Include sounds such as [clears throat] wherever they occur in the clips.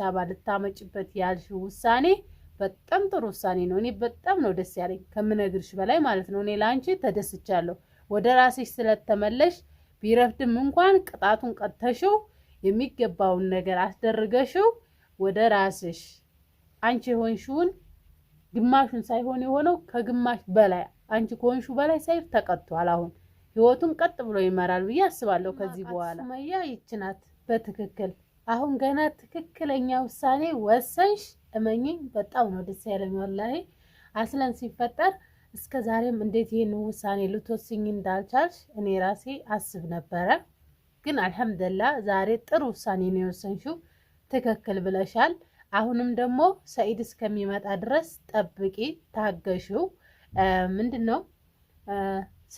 ሀሳብ ልታመጭበት ያልሽው ውሳኔ በጣም ጥሩ ውሳኔ ነው። እኔ በጣም ነው ደስ ያለኝ ከምነግርሽ በላይ ማለት ነው። እኔ ለአንቺ ተደስቻለሁ። ወደ ራስሽ ስለተመለሽ ቢረፍድም እንኳን ቅጣቱን ቀጥተሽው የሚገባውን ነገር አስደርገሽው ወደ ራስሽ አንቺ የሆንሽውን ግማሹን ሳይሆን የሆነው ከግማሽ በላይ አንቺ ከሆንሹ በላይ ሰይፍ ተቀጥቷል። አሁን ህይወቱን ቀጥ ብሎ ይመራል ብዬ አስባለሁ ከዚህ በኋላ ሱመያ ይችናት በትክክል አሁን ገና ትክክለኛ ውሳኔ ወሰንሽ። እመኝኝ በጣም ነው ደስ ያለኝ። ወላሂ አስለን ሲፈጠር እስከ ዛሬም እንዴት ይህን ውሳኔ ልትወስኝ እንዳልቻልሽ እኔ ራሴ አስብ ነበረ። ግን አልሐምደላ ዛሬ ጥሩ ውሳኔ ነው የወሰንሽው። ትክክል ብለሻል። አሁንም ደግሞ ሰኢድ እስከሚመጣ ድረስ ጠብቂ፣ ታገሽው። ምንድን ነው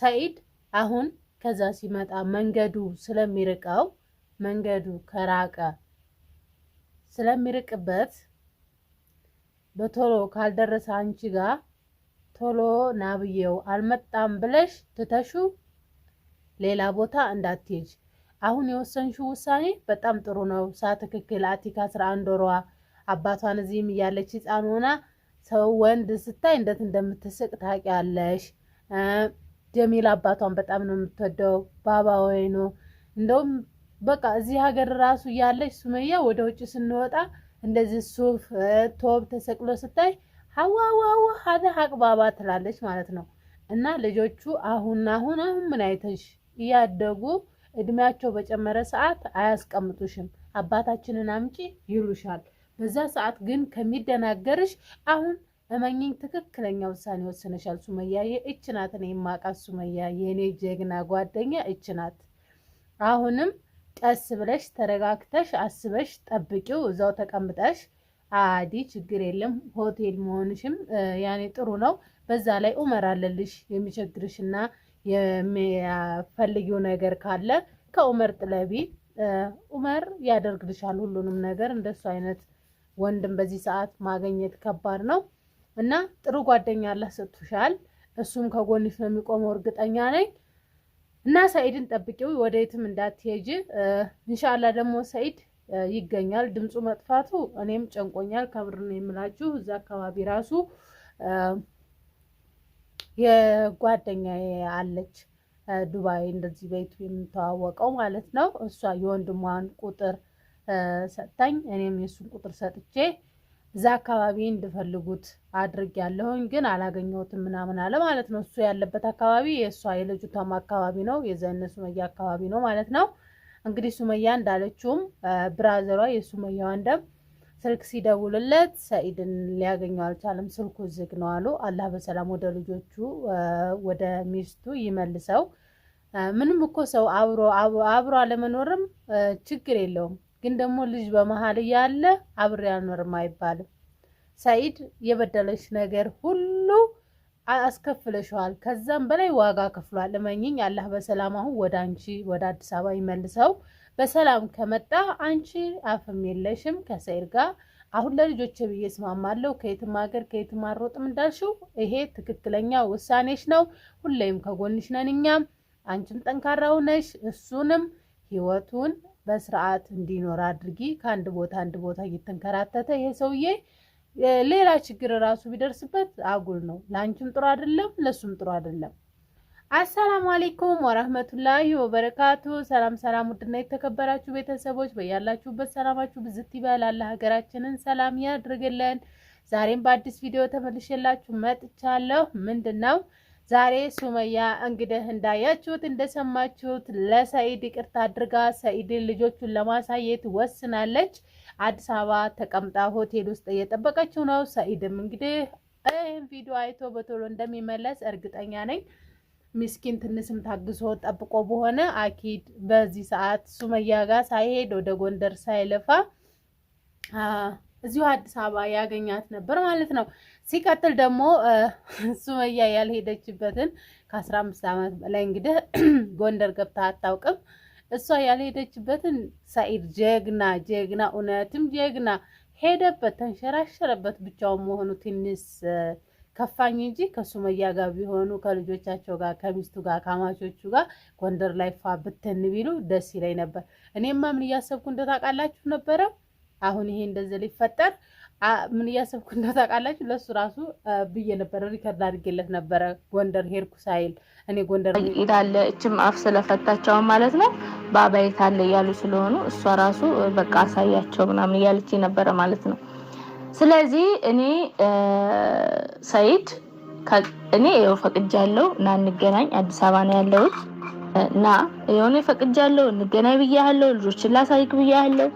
ሰኢድ አሁን ከዛ ሲመጣ መንገዱ ስለሚርቀው መንገዱ ከራቀ ስለሚርቅበት በቶሎ ካልደረሰ አንቺ ጋር ቶሎ ናብየው አልመጣም ብለሽ ትተሹ ሌላ ቦታ እንዳትሄጅ። አሁን የወሰንሽው ውሳኔ በጣም ጥሩ ነው። ሳ ትክክል አቲካ አስራ አንድ ወሯ አባቷን እዚህም እያለች ሕፃን ሆና ሰው ወንድ ስታይ እንዴት እንደምትስቅ ታውቂያለሽ። ጀሚል አባቷን በጣም ነው የምትወደው። ባባወይ ነው እንደውም በቃ እዚህ ሀገር ራሱ ያለች ሱመያ ወደ ውጭ ስንወጣ እንደዚህ ሱፍ ቶብ ተሰቅሎ ስታይ ሀዋዋዋ ሀደ አቅባባ ትላለች ማለት ነው። እና ልጆቹ አሁን አሁን አሁን ምን አይተሽ እያደጉ እድሜያቸው በጨመረ ሰዓት አያስቀምጡሽም። አባታችንን አምጪ ይሉሻል። በዛ ሰዓት ግን ከሚደናገርሽ አሁን እመኝኝ ትክክለኛ ውሳኔ ወስነሻል ሱመያዬ። እች ናት እኔ የማውቃት ሱመያ፣ የእኔ ጀግና ጓደኛ እችናት። አሁንም ቀስ ብለሽ ተረጋግተሽ አስበሽ ጠብቂው። እዛው ተቀምጠሽ አዲ ችግር የለም ሆቴል መሆንሽም ያኔ ጥሩ ነው። በዛ ላይ ኡመር አለልሽ የሚቸግርሽና የሚፈልጊው ነገር ካለ ከኡመር ጥለቢ። ኡመር ያደርግልሻል ሁሉንም ነገር። እንደሱ አይነት ወንድም በዚህ ሰዓት ማገኘት ከባድ ነው እና ጥሩ ጓደኛ አላህ ሰጥቶሻል። እሱም ከጎንሽ ነው የሚቆመው፣ እርግጠኛ ነኝ። እና ሰኢድን ጠብቂው፣ ወደ የትም እንዳትሄጂ። እንሻላ ደግሞ ሰኢድ ይገኛል። ድምፁ መጥፋቱ እኔም ጨንቆኛል። ከምር ነው የምላችሁ። እዛ አካባቢ ራሱ የጓደኛ አለች ዱባይ፣ እንደዚህ ቤቱ የምተዋወቀው ማለት ነው። እሷ የወንድሟን ቁጥር ሰጥታኝ እኔም የእሱን ቁጥር ሰጥቼ እዛ አካባቢ እንድፈልጉት አድርግ ያለሁኝ ግን አላገኘሁትም ምናምን አለ ማለት ነው። እሱ ያለበት አካባቢ የእሷ የልጅቷም አካባቢ ነው፣ የዘነ ሱመያ አካባቢ ነው ማለት ነው። እንግዲህ ሱመያ እንዳለችውም ብራዘሯ የሱመያ ወንድም ስልክ ሲደውልለት ሰኢድን ሊያገኘው አልቻለም፣ ስልኩ ዝግ ነው አሉ። አላህ በሰላም ወደ ልጆቹ ወደ ሚስቱ ይመልሰው። ምንም እኮ ሰው አብሮ አብሮ አለመኖርም ችግር የለውም ግን ደግሞ ልጅ በመሀል እያለ አብሬ አልኖርም አይባልም። ሰኢድ የበደለሽ ነገር ሁሉ አስከፍለሽዋል፣ ከዛም በላይ ዋጋ ከፍሏል። እመኝኝ፣ አላህ በሰላም አሁን ወደ አንቺ ወደ አዲስ አበባ ይመልሰው። በሰላም ከመጣ አንቺ አፍም የለሽም ከሰኢድ ጋር አሁን ለልጆች ብዬ እስማማለሁ። ከየትም ሀገር ከየትም አሮጥም እንዳልሽው ይሄ ትክክለኛ ውሳኔሽ ነው። ሁሌም ከጎንሽ ነን እኛም። አንቺም ጠንካራ እሱንም ህይወቱን በስርዓት እንዲኖር አድርጊ። ከአንድ ቦታ አንድ ቦታ እየተንከራተተ ይሄ ሰውዬ ሌላ ችግር ራሱ ቢደርስበት አጉል ነው። ለአንቺም ጥሩ አይደለም፣ ለሱም ጥሩ አይደለም። አሰላሙ አሌይኩም ወረህመቱላሂ ወበረካቱ። ሰላም ሰላም፣ ውድና የተከበራችሁ ቤተሰቦች በያላችሁበት ሰላማችሁ ብዝት ይበል። ሀገራችንን ሰላም ያድርግልን። ዛሬም በአዲስ ቪዲዮ ተመልሼላችሁ መጥቻለሁ። ምንድን ነው ዛሬ ሱመያ እንግዲህ እንዳያችሁት እንደሰማችሁት ለሰኢድ ይቅርታ አድርጋ ሰኢድን ልጆቹን ለማሳየት ወስናለች። አዲስ አበባ ተቀምጣ ሆቴል ውስጥ እየጠበቀችው ነው። ሰኢድም እንግዲህ ይህን ቪዲዮ አይቶ በቶሎ እንደሚመለስ እርግጠኛ ነኝ። ሚስኪን ትንስም ታግሶ ጠብቆ በሆነ አኪድ በዚህ ሰዓት ሱመያ ጋር ሳይሄድ ወደ ጎንደር ሳይለፋ እዚሁ አዲስ አበባ ያገኛት ነበር ማለት ነው። ሲቀጥል ደግሞ ሱመያ ያልሄደችበትን ከአስራ አምስት ዓመት በላይ እንግዲህ [clears throat] ጎንደር ገብታ አታውቅም። እሷ ያልሄደችበትን ሰኢድ ጀግና ጀግና፣ እውነትም ጀግና ሄደበት፣ ተንሸራሸረበት። ብቻውን መሆኑ ትንሽ ከፋኝ እንጂ ከሱመያ ጋር ቢሆኑ ከልጆቻቸው ጋር ከሚስቱ ጋር ከአማቾቹ ጋር ጎንደር ላይ ፏ ብትን ቢሉ ደስ ይለኝ ነበር። እኔማ ምን እያሰብኩ እንደታውቃላችሁ ነበረ አሁን ይሄ እንደዚህ ሊፈጠር ምን እያሰብኩ እንደው ታውቃላችሁ። ለእሱ ራሱ ብዬ ነበረ፣ ሪከርድ አድርጌለት ነበረ። ጎንደር ሄድኩ ሳይል እኔ ጎንደር ይታለ እችም አፍ ስለፈታቸው ማለት ነው። ባባ ይታለ እያሉ ስለሆኑ እሷ ራሱ በቃ አሳያቸው ምናምን እያለች ነበረ ማለት ነው። ስለዚህ እኔ ሰይድ እኔ ይኸው ፈቅጃለሁ፣ ና እንገናኝ፣ አዲስ አበባ ነው ያለሁት፣ ና የሆነ ፈቅጃለሁ፣ እንገናኝ ብያለሁ፣ ልጆችን ላሳይክ ብያለሁ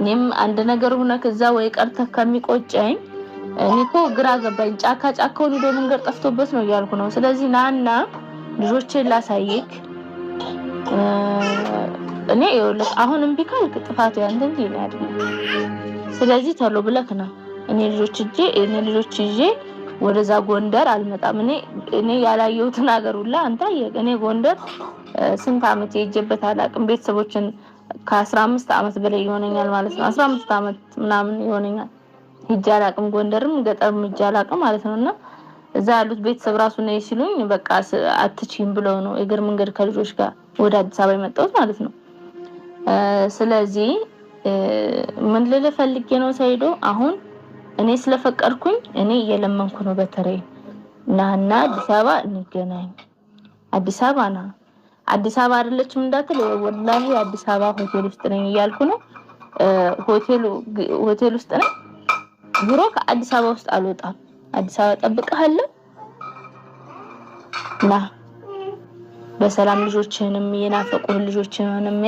እኔም አንድ ነገር ሆነ ከዛ ወይ ቀርተ ከሚቆጨኝ እኔ እኮ ግራ ገባኝ። ጫካ ጫካውን ሄዶ መንገድ ጠፍቶበት ነው እያልኩ ነው። ስለዚህ ናና ልጆቼን ላሳይክ። እኔ ይኸውልህ አሁን እምቢ ካልክ ጥፋቱ ያንተ እንጂ እኔ አይደለም። ስለዚህ ተሎ ብለክ ነው እኔ ልጆች እጄ እኔ ልጆች እጄ ወደዛ ጎንደር አልመጣም። እኔ እኔ ያላየሁትን ሀገር ሁላ አንተ እኔ ጎንደር ስንት ዓመት የሄጄበት አላቅም ቤተሰቦችን ከአስራ አምስት አመት በላይ ይሆነኛል ማለት ነው። አስራ አምስት አመት ምናምን ይሆነኛል ሂጄ አቅም ጎንደርም ገጠርም ሂጄ አቅም ማለት ነው። እና እዛ ያሉት ቤተሰብ ራሱ ነ ሲሉኝ በቃ አትችም ብለው ነው የእግር መንገድ ከልጆች ጋር ወደ አዲስ አበባ የመጣሁት ማለት ነው። ስለዚህ ምን ልልህ ፈልጌ ነው ሳይዶ አሁን እኔ ስለፈቀድኩኝ እኔ እየለመንኩ ነው። በተለይ ናና አዲስ አበባ እንገናኝ፣ አዲስ አበባ ና አዲስ አበባ አይደለችም እንዳትል፣ ወላሂ አዲስ አበባ ሆቴል ውስጥ ነኝ እያልኩ ነው። ሆቴል ውስጥ ነኝ። ብሮ ከአዲስ አበባ ውስጥ አልወጣም። አዲስ አበባ ጠብቀሃለሁ። ና በሰላም ልጆችህንም የናፈቁህ ልጆችህንም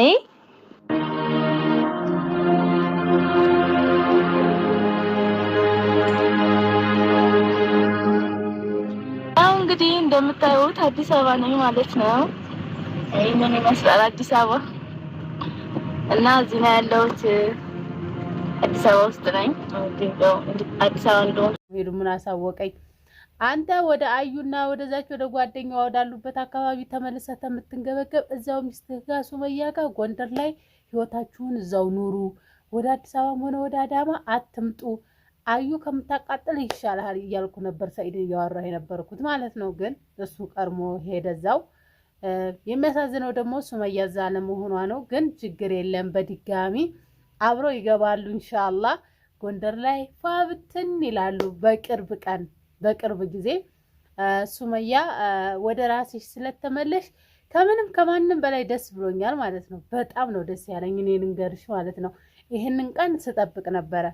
እንግዲህ እንደምታዩት አዲስ አበባ ነኝ ማለት ነው። ይህንን ይመስላል አዲስ አበባ እና እዚህ ነው ያለሁት። አዲስ አበባ ውስጥ ነኝ። አዲስ አበባ እንደሆነ ሄዱ ምን አሳወቀኝ። አንተ ወደ አዩና ወደዛች ወደ ጓደኛዋ ወዳሉበት አካባቢ ተመልሰህ ከምትንገበገብ እዛው ሚስትህ ጋር ሱመያ ጋር ጎንደር ላይ ህይወታችሁን እዛው ኑሩ። ወደ አዲስ አበባም ሆነ ወደ አዳማ አትምጡ። አዩ ከምታቃጥል ይሻልሃል እያልኩ ነበር። ሰኢድን እያወራሁ የነበርኩት ማለት ነው። ግን እሱ ቀድሞ ሄደ እዛው የሚያሳዝነው ደግሞ ሱመያ እዛ ለመሆኗ ነው። ግን ችግር የለም በድጋሚ አብረው ይገባሉ። እንሻላ ጎንደር ላይ ፋብትን ይላሉ። በቅርብ ቀን በቅርብ ጊዜ ሱመያ ወደ ራስሽ ስለተመለሽ ከምንም ከማንም በላይ ደስ ብሎኛል ማለት ነው። በጣም ነው ደስ ያለኝ እኔ ልንገርሽ ማለት ነው። ይህንን ቀን ስጠብቅ ነበረ።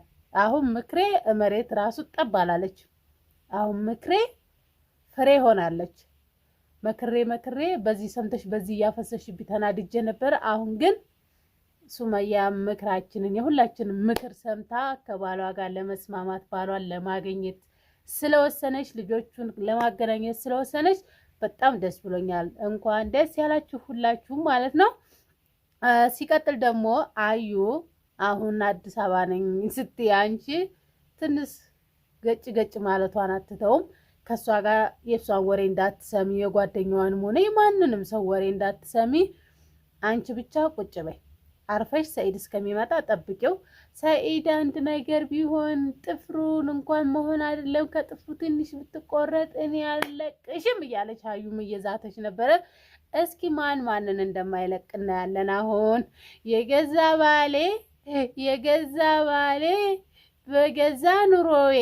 አሁን ምክሬ መሬት ራሱ ጠብ አላለች። አሁን ምክሬ ፍሬ ሆናለች። መክሬ መክሬ በዚህ ሰምተሽ በዚህ እያፈሰሽብኝ ተናድጄ ነበር። አሁን ግን ሱመያ ምክራችንን የሁላችን ምክር ሰምታ ከባሏ ጋር ለመስማማት ባሏን ለማግኘት ስለወሰነች ልጆቹን ለማገናኘት ስለወሰነች በጣም ደስ ብሎኛል። እንኳን ደስ ያላችሁ ሁላችሁም ማለት ነው። ሲቀጥል ደግሞ አዩ አሁን አዲስ አበባ ነኝ ስትይ አንቺ ትንሽ ገጭ ገጭ ማለቷን አትተውም። ከእሷ ጋር የእሷን ወሬ እንዳትሰሚ፣ የጓደኛዋንም ሆነ የማንንም ሰው ወሬ እንዳትሰሚ። አንቺ ብቻ ቁጭ በይ አርፈሽ ሰኢድ እስከሚመጣ ጠብቂው። ሰኢድ አንድ ነገር ቢሆን ጥፍሩን እንኳን መሆን አይደለም ከጥፍሩ ትንሽ ብትቆረጥ እኔ አልለቅሽም እያለች ሀዩም እየዛተች ነበረ። እስኪ ማን ማንን እንደማይለቅ እናያለን። አሁን የገዛ ባሌ የገዛ ባሌ በገዛ ኑሮዬ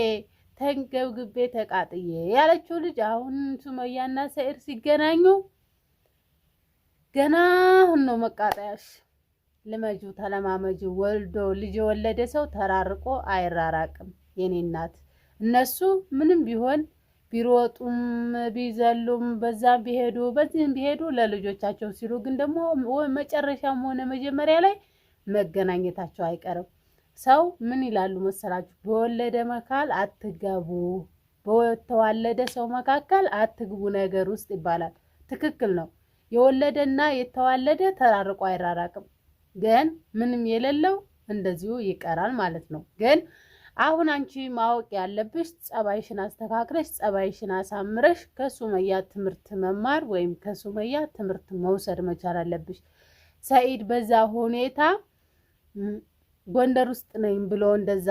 ተንገብግቤ ተቃጥዬ ያለችው ልጅ አሁን ሱመያና ሰኢድ ሲገናኙ ገና ሁኖ መቃጠያሽ ልመጁ ተለማመጁ። ወልዶ ልጅ የወለደ ሰው ተራርቆ አይራራቅም። የኔ እናት እነሱ ምንም ቢሆን ቢሮጡም ቢዘሉም በዛም ቢሄዱ በዚህም ቢሄዱ ለልጆቻቸው ሲሉ ግን ደግሞ መጨረሻም ሆነ መጀመሪያ ላይ መገናኘታቸው አይቀርም። ሰው ምን ይላሉ መሰላችሁ? በወለደ መካል አትገቡ፣ በተዋለደ ሰው መካከል አትግቡ ነገር ውስጥ ይባላል። ትክክል ነው። የወለደና የተዋለደ ተራርቆ አይራራቅም፣ ግን ምንም የሌለው እንደዚሁ ይቀራል ማለት ነው። ግን አሁን አንቺ ማወቅ ያለብሽ ጸባይሽን አስተካክለሽ ጸባይሽን አሳምረሽ ከሱመያ ትምህርት መማር ወይም ከሱመያ ትምህርት መውሰድ መቻል አለብሽ። ሰኢድ በዛ ሁኔታ ጎንደር ውስጥ ነኝ ብሎ እንደዛ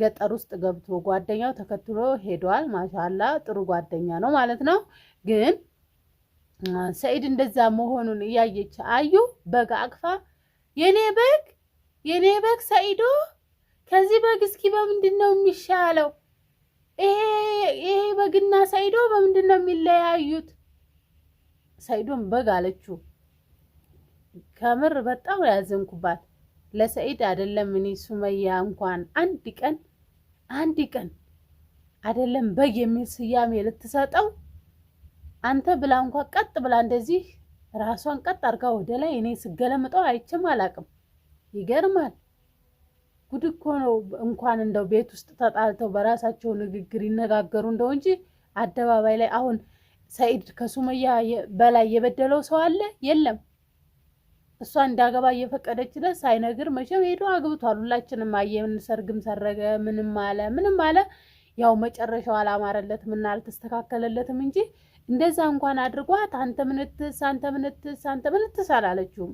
ገጠር ውስጥ ገብቶ ጓደኛው ተከትሎ ሄዷል። ማሻላ ጥሩ ጓደኛ ነው ማለት ነው። ግን ሰኢድ እንደዛ መሆኑን እያየች አዩ በግ አቅፋ የኔ በግ የኔ በግ ሰኢዶ ከዚህ በግ እስኪ በምንድን ነው የሚሻለው? ይሄ በግና ሰኢዶ በምንድን ነው የሚለያዩት? ሰኢዶን በግ አለችው። ከምር በጣም ያዘንኩባት። ለሰኢድ አይደለም እኔ ሱመያ እንኳን አንድ ቀን አንድ ቀን አይደለም በግ የሚል ስያሜ ልትሰጠው አንተ ብላ እንኳ ቀጥ ብላ እንደዚህ ራሷን ቀጥ አድርጋ ወደ ላይ እኔ ስገለምጠው አይቼም አላቅም። ይገርማል። ጉድ እኮ ነው። እንኳን እንደው ቤት ውስጥ ተጣልተው በራሳቸው ንግግር ይነጋገሩ እንደው እንጂ አደባባይ ላይ አሁን ሰኢድ ከሱመያ በላይ የበደለው ሰው አለ የለም? እሷ እንዳገባ እየፈቀደችለት ሳይነግር መቼም ሄዶ አግብቷል። ሁላችንም አየን። ሰርግም ሰረገ፣ ምንም አለ ምንም አለ። ያው መጨረሻው አላማረለትም እና አልተስተካከለለትም እንጂ እንደዛ እንኳን አድርጓት አንተ ምንትስ አንተ ምንትስ አንተ ምንትስ አላለችውም።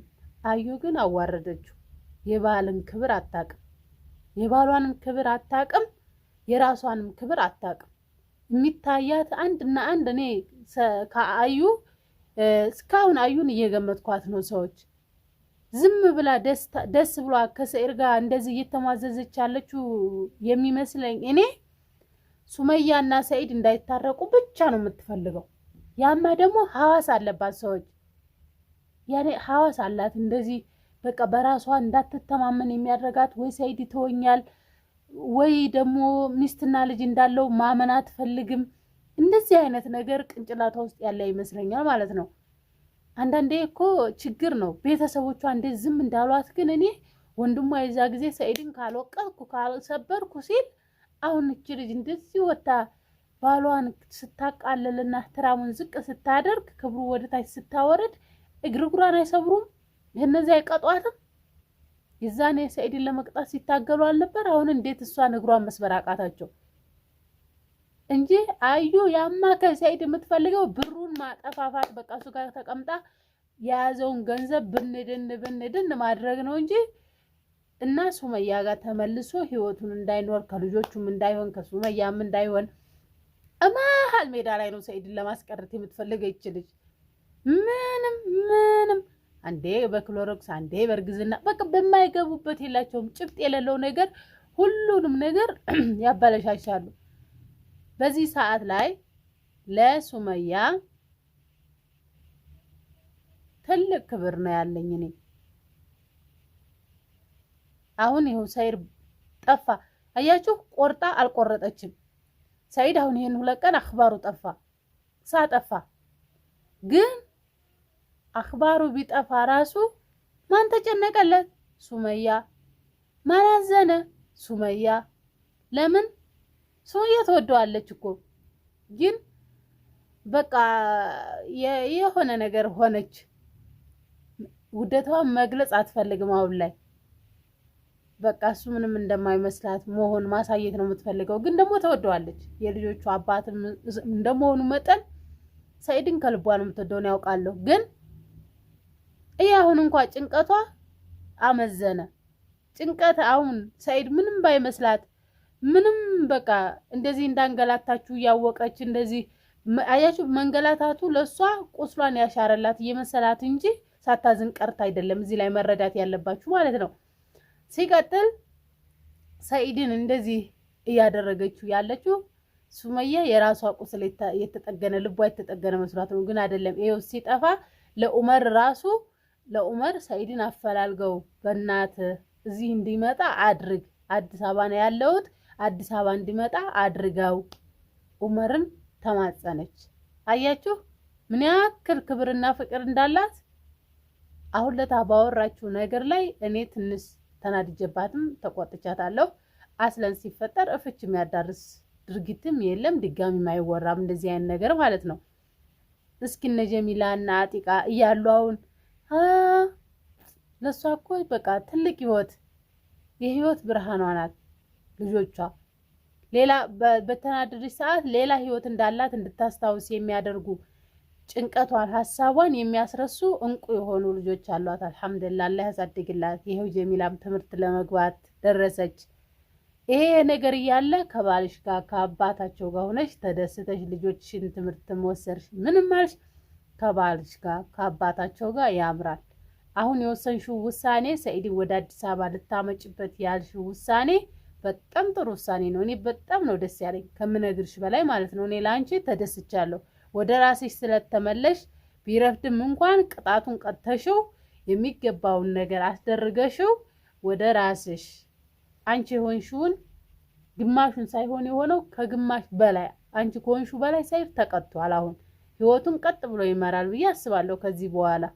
አዩ ግን አዋረደችው። የባልን ክብር አታቅም፣ የባሏንም ክብር አታቅም፣ የራሷንም ክብር አታቅም። የሚታያት አንድ እና አንድ እኔ ከአዩ እስካሁን አዩን እየገመትኳት ነው ሰዎች ዝም ብላ ደስ ብሏ ከሰኢድ ጋር እንደዚህ እየተሟዘዘች ያለችው የሚመስለኝ እኔ ሱመያና ሰኢድ እንዳይታረቁ ብቻ ነው የምትፈልገው። ያማ ደግሞ ሀዋስ አለባት ሰዎች ያኔ ሀዋስ አላት እንደዚህ በቃ በራሷ እንዳትተማመን የሚያደርጋት ወይ ሰኢድ ይተወኛል ወይ ደግሞ ሚስትና ልጅ እንዳለው ማመን አትፈልግም። እንደዚህ አይነት ነገር ቅንጭላቷ ውስጥ ያለ ይመስለኛል ማለት ነው። አንዳንዴ እኮ ችግር ነው። ቤተሰቦቿ እንዴት ዝም እንዳሏት ግን እኔ ወንድሟ የዛ ጊዜ ሰኢድን ካልወቀጥኩ ካልሰበርኩ ሲል አሁን እች ልጅ እንደዚህ ወታ ባሏን ስታቃለልና ትራሙን ዝቅ ስታደርግ ክብሩ ወደታች ስታወርድ እግር እግሯን አይሰብሩም? እነዚህ አይቀጧትም? የዛኔ ሰኢድን ለመቅጣት ሲታገሉ አልነበር? አሁን እንዴት እሷን እግሯን መስበር አቃታቸው? እንጂ አዩ ያማ ከሰይድ የምትፈልገው ብሩን ማጠፋፋት፣ በቃ እሱ ጋር ተቀምጣ የያዘውን ገንዘብ ብንድን ብንድን ማድረግ ነው እንጂ እና ሱመያ ጋር ተመልሶ ህይወቱን እንዳይኖር ከልጆቹም እንዳይሆን ከሱመያም እንዳይሆን መሀል ሜዳ ላይ ነው ሰይድን ለማስቀረት የምትፈልገው ይች ልጅ። ምንም ምንም አንዴ በክሎሮክስ አንዴ በእርግዝና በቃ በማይገቡበት የላቸውም ጭብጥ የሌለው ነገር ሁሉንም ነገር [clears throat] ያበለሻሻሉ። በዚህ ሰዓት ላይ ለሱመያ ትልቅ ክብር ነው ያለኝ እኔ። አሁን ይኸው ሰይድ ጠፋ። አያችሁ፣ ቆርጣ አልቆረጠችም። ሰይድ አሁን ይሄን ሁለት ቀን አክባሩ ጠፋ፣ ጠፋ። ግን አክባሩ ቢጠፋ ራሱ ማን ተጨነቀለት? ሱመያ። ማን አዘነ? ሱመያ። ለምን ሰውዬ ተወደዋለች እኮ ግን በቃ የሆነ ነገር ሆነች። ውደቷን መግለጽ አትፈልግም። አሁን ላይ በቃ እሱ ምንም እንደማይመስላት መሆን ማሳየት ነው የምትፈልገው። ግን ደግሞ ተወደዋለች። የልጆቹ አባት እንደመሆኑ መጠን ሰኢድን ከልቧ ነው የምትወደውን ያውቃለሁ። ግን ይህ አሁን እንኳ ጭንቀቷ አመዘነ። ጭንቀት አሁን ሰኢድ ምንም ባይመስላት ምንም በቃ እንደዚህ እንዳንገላታችሁ እያወቀች እንደዚህ አያችሁ፣ መንገላታቱ ለእሷ ቁስሏን ያሻረላት እየመሰላት እንጂ ሳታዝን ቀርት አይደለም። እዚህ ላይ መረዳት ያለባችሁ ማለት ነው። ሲቀጥል ሰኢድን እንደዚህ እያደረገችው ያለችው ሱመያ የራሷ ቁስል የተጠገነ ልቧ የተጠገነ መስሏት ነው፣ ግን አይደለም። ይኸው ሲጠፋ ለኡመር ራሱ ለኡመር ሰኢድን አፈላልገው በእናት እዚህ እንዲመጣ አድርግ፣ አዲስ አበባ ነው ያለሁት አዲስ አበባ እንዲመጣ አድርጋው ኡመርን ተማጸነች። አያችሁ ምን ያክል ክብርና ፍቅር እንዳላት። አሁን ለታ ባወራችሁ ነገር ላይ እኔ ትንሽ ተናድጀባትም ተቆጥቻታለሁ። አስለን ሲፈጠር እፍች የሚያዳርስ ድርጊትም የለም ድጋሚ አይወራም፣ እንደዚህ አይነት ነገር ማለት ነው። እስኪ እነ ጀሚላ እና አጢቃ እያሉ አሁን ለእሷ እኮ በቃ ትልቅ ህይወት የህይወት ብርሃኗ ናት። ልጆቿ ሌላ በተናደደች ሰዓት ሌላ ህይወት እንዳላት እንድታስታውስ የሚያደርጉ ጭንቀቷን፣ ሀሳቧን የሚያስረሱ እንቁ የሆኑ ልጆች አሏት። አልሐምዱላ አላህ ያሳድግላት። ይኸው ጀሚላም ትምህርት ለመግባት ደረሰች። ይሄ ነገር እያለ ከባልሽ ጋር ከአባታቸው ጋር ሆነሽ ተደስተሽ ልጆችሽን ትምህርት መወሰድሽ ምንም አልሽ ከባልሽ ጋር ከአባታቸው ጋር ያምራል። አሁን የወሰንሽው ውሳኔ ሰኢድን ወደ አዲስ አበባ ልታመጭበት ያልሽው ውሳኔ በጣም ጥሩ ውሳኔ ነው። እኔ በጣም ነው ደስ ያለኝ ከምነግርሽ በላይ ማለት ነው። እኔ ለአንቺ ተደስቻለሁ። ወደ ራስሽ ስለተመለሽ ቢረፍድም እንኳን ቅጣቱን ቀጥተሽው የሚገባውን ነገር አስደርገሽው ወደ ራስሽ አንቺ የሆንሽውን ግማሹን ሳይሆን የሆነው ከግማሽ በላይ አንቺ ከሆንሹ በላይ ሳይፍ ተቀጥቷል። አሁን ህይወቱን ቀጥ ብሎ ይመራል ብዬ አስባለሁ ከዚህ በኋላ